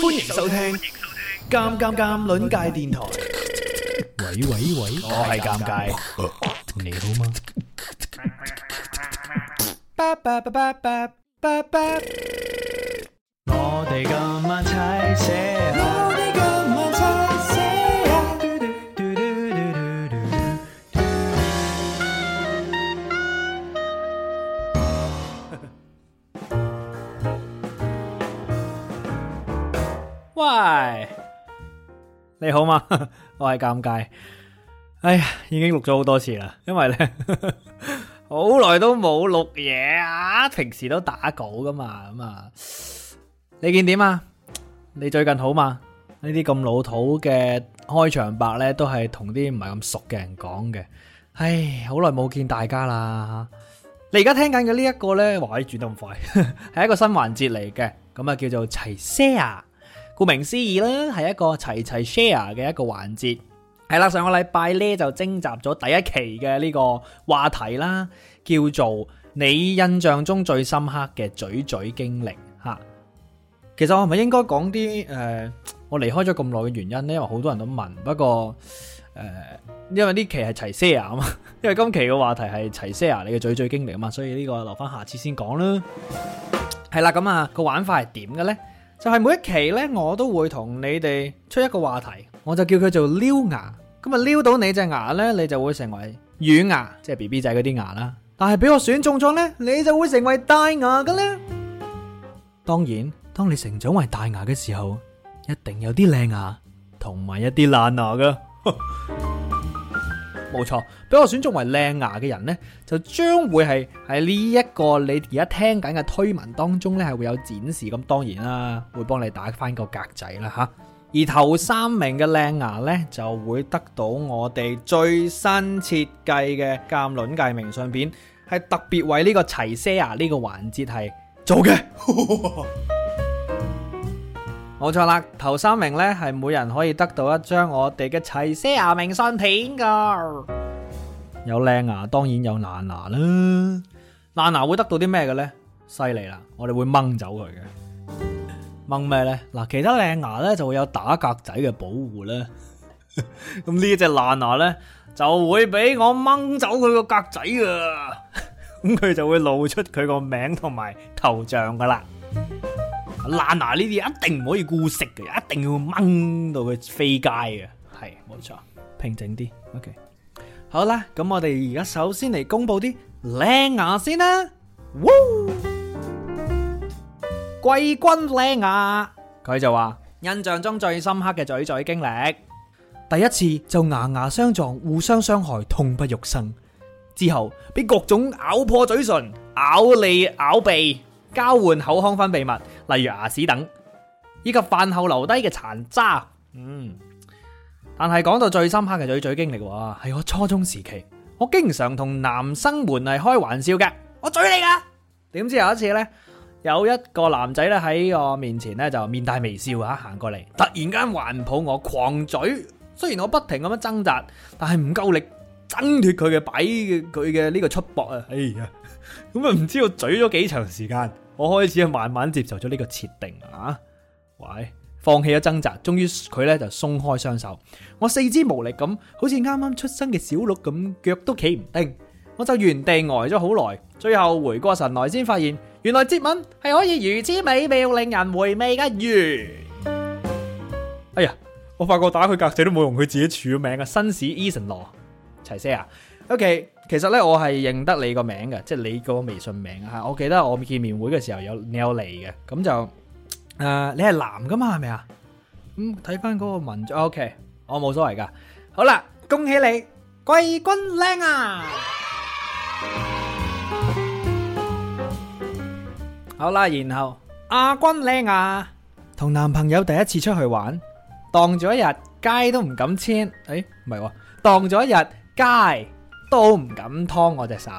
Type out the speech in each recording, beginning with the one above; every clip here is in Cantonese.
歡迎收聽《啱啱啱》倫界電台。喂喂喂，我係尷尬，你好嗎？我哋今晚睇寫。喂，你好嘛？ 我係尷尬，哎呀，已經錄咗好多次啦，因為咧好耐都冇錄嘢啊。平時都打稿噶嘛，咁啊，你見點啊？你最近好嘛？呢啲咁老土嘅開場白咧，都係同啲唔係咁熟嘅人講嘅。唉，好耐冇見大家啦。你而家聽緊嘅呢一個咧，話轉得咁快，係 一個新環節嚟嘅，咁啊叫做齊 s 呀。a 顧名思義啦，係一個齊齊 share 嘅一個環節，係啦。上個禮拜咧就徵集咗第一期嘅呢個話題啦，叫做你印象中最深刻嘅嘴嘴經歷嚇。其實我係咪應該講啲誒，我離開咗咁耐嘅原因呢？因為好多人都問，不過誒、呃，因為呢期係齊 share 啊嘛，因為今期嘅話題係齊 share 你嘅嘴嘴經歷啊嘛，所以呢個留翻下，下次先講啦。係啦，咁、那、啊個玩法係點嘅呢？就係每一期呢，我都會同你哋出一個話題，我就叫佢做撩牙，咁啊撩到你隻牙呢，你就會成為乳牙，即係 BB 仔嗰啲牙啦。但係俾我選中咗呢，你就會成為大牙噶啦。當然，當你成長為大牙嘅時候，一定有啲靚牙同埋一啲爛牙噶。冇錯，俾我選中為靚牙嘅人呢，就將會係喺呢一個你而家聽緊嘅推文當中呢，係會有展示。咁，當然啦，會幫你打翻個格仔啦吓。而頭三名嘅靚牙呢，就會得到我哋最新設計嘅鑑卵界明信片，係特別為呢個齊聲牙呢個環節係做嘅。 冇錯啦，頭三名咧係每人可以得到一張我哋嘅齊晒牙明信片噶。有靚牙當然有爛牙啦，爛牙會得到啲咩嘅咧？犀利啦，我哋會掹走佢嘅。掹咩咧？嗱，其他靚牙咧就會有打格仔嘅保護啦。咁 呢一隻爛牙咧就會俾我掹走佢個格仔啊！咁 佢就會露出佢個名同埋頭像噶啦。爛牙呢啲一定唔可以姑息嘅，一定要掹到佢飛街嘅，係，冇錯，平靜啲。OK，好啦，咁我哋而家首先嚟公布啲靚牙先啦。貴君靚牙，佢就話印象中最深刻嘅咀咀經歷，第一次就牙牙相撞，互相傷害，痛不欲生。之後俾各種咬破嘴唇、咬脷、咬鼻。交換口腔分泌物，例如牙屎等，以及飯後留低嘅殘渣。嗯，但係講到最深刻嘅嘴嘴經歷，喎，係我初中時期，我經常同男生們係開玩笑嘅，我嘴你噶。點知有一次呢，有一個男仔咧喺我面前咧就面帶微笑啊行過嚟，突然間環抱我狂嘴，雖然我不停咁樣掙扎，但係唔夠力。掙脫佢嘅，擺佢嘅呢個出搏啊！哎呀，咁啊唔知要嘴咗幾長時間，我開始慢慢接受咗呢個設定啊！喂，放棄咗掙扎，終於佢咧就鬆開雙手，我四肢無力咁，好似啱啱出生嘅小鹿咁，腳都企唔定，我就原地呆咗好耐，最後回過神來先發現，原來接吻係可以如此美妙、令人回味嘅。魚哎呀，我發覺打佢格仔都冇用，佢自己署咗名啊，紳士 Eason 羅。齊聲啊！OK，其實咧我係認得你個名嘅，即係你個微信名吓。我記得我見面會嘅時候有你有嚟嘅，咁就誒你係男噶嘛係咪啊？咁睇翻嗰個文字 OK，我冇所謂噶。好啦，恭喜你貴君靚啊！好啦，然後阿君靚啊，同男朋友第一次出去玩，蕩咗一日街都唔敢簽，誒唔係喎，蕩咗一日。街都唔敢拖我隻手，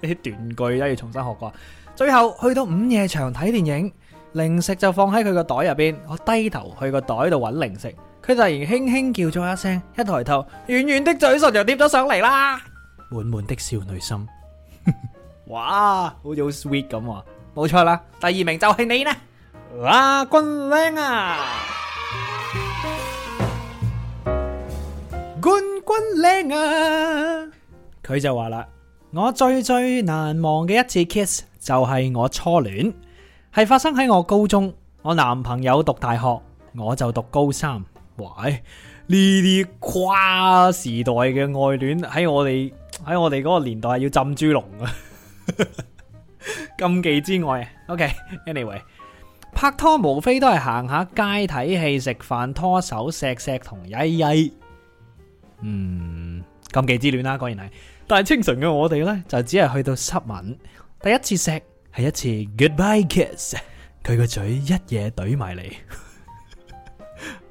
呢啲斷句都要重新學過。最後去到午夜場睇電影，零食就放喺佢個袋入邊。我低頭去個袋度搵零食，佢突然輕輕叫咗一聲，一抬頭，軟軟的嘴唇就貼咗上嚟啦，滿滿的少女心。哇，好似好 sweet 咁，冇錯啦，第二名就係你啦，哇，冠軍啊！靚啊！佢 就話啦，我最最難忘嘅一次 kiss 就係我初戀，係發生喺我高中，我男朋友讀大學，我就讀高三。喂，呢啲跨時代嘅愛戀喺我哋喺我哋嗰個年代係要浸豬籠啊！ 禁忌之外啊！OK，anyway，okay，拍拖無非都係行下街睇戲、食飯、拖手、錫錫同曳曳。嗯，禁忌之戀啦，果然係。但係清純嘅我哋咧，就只係去到濕吻，第一次食係一次 Goodbye kiss。佢個嘴一嘢懟埋嚟，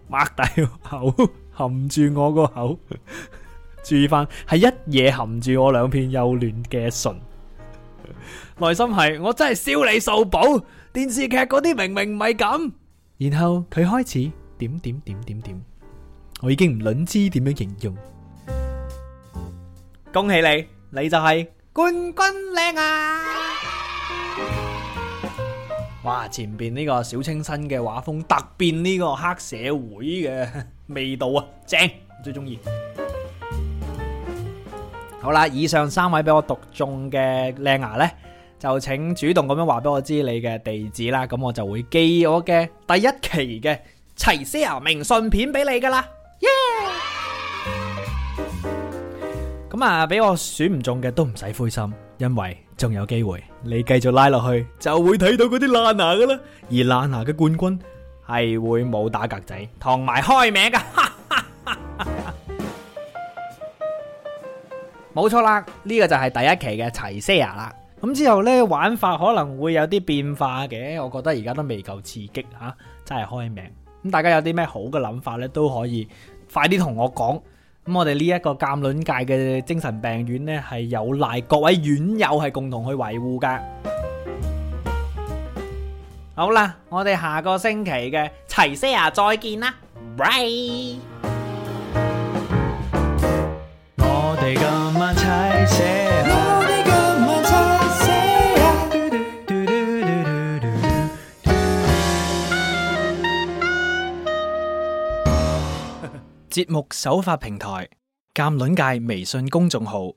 擘大個口含住我個口，注意翻係一嘢含住我兩片幼嫩嘅唇。內心係我真係笑你傻寶，電視劇嗰啲明明唔係咁。然後佢開始點點點點點。我已經唔諗知點樣形容，恭喜你，你就係冠軍靚啊！哇！前面呢個小清新嘅畫風，突變呢個黑社會嘅味道啊，正，我最中意。好啦，以上三位俾我讀中嘅靚牙呢，就請主動咁樣話俾我知你嘅地址啦。咁我就會寄我嘅第一期嘅齊 Sir 明信片俾你噶啦。咁啊，俾我選唔中嘅都唔使灰心，因為仲有機會，你繼續拉落去就會睇到嗰啲爛牙噶啦。而爛牙嘅冠軍係會冇打格仔同埋開名噶，冇 錯啦。呢、這個就係第一期嘅齊 Sir 啦。咁之後呢，玩法可能會有啲變化嘅，我覺得而家都未夠刺激吓、啊，真係開名。咁大家有啲咩好嘅諗法呢？都可以快啲同我講。咁我哋呢一個鑑卵界嘅精神病院呢，係有賴各位院友係共同去維護噶。好啦，我哋下個星期嘅齊 Sir 再見啦，拜。節目首發平台：鑑論界微信公眾號。